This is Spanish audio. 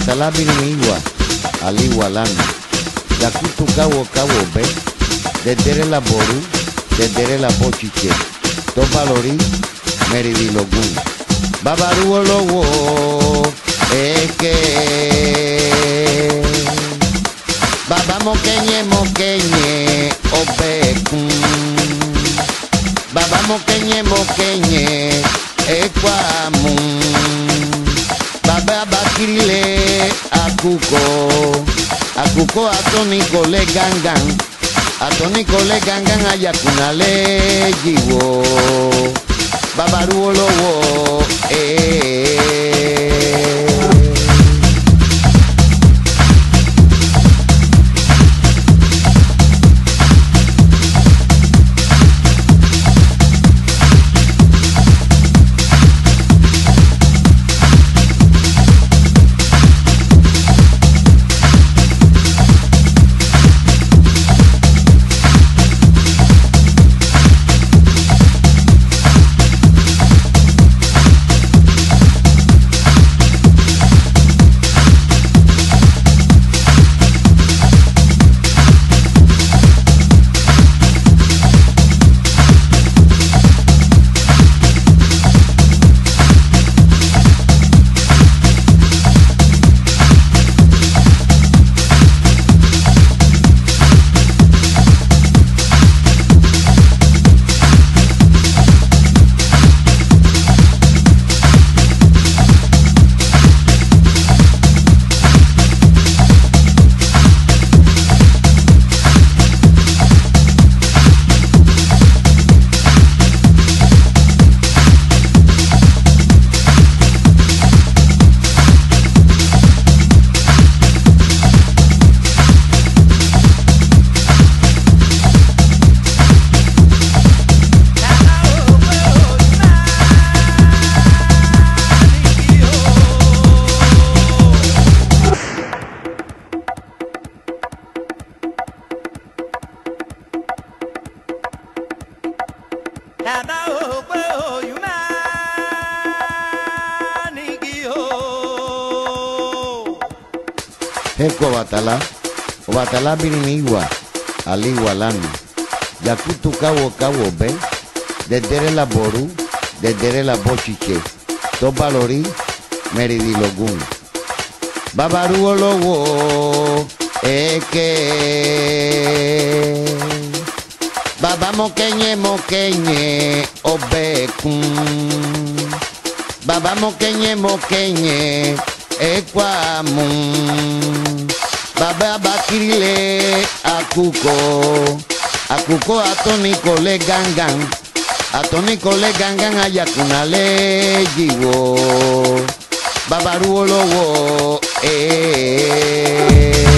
Atalamina Ali Walana, Yakutu Cabo cabo, Be, Dedere la Boru, Dedere la Bochiche, Topalori, Meridilogun. lobo, es que a atónico le gangan, atónico le gangan ayacuna le yiwo, eh, eh, eh. Eko Batalá, Batalá Ya que Yakutu Cabo Cabo desde el la de desde la Bochiche, valorí, Meridilogún. Babaru Lobo, Eke. Baba mokenye mokenye obekum Baba mokenye mokenye ekwamu Baba bakile akuko Akuko atoni kole gangan Atoni kole gangan ayakuna le jiwo Baba ruolo wo eh, eh, eh.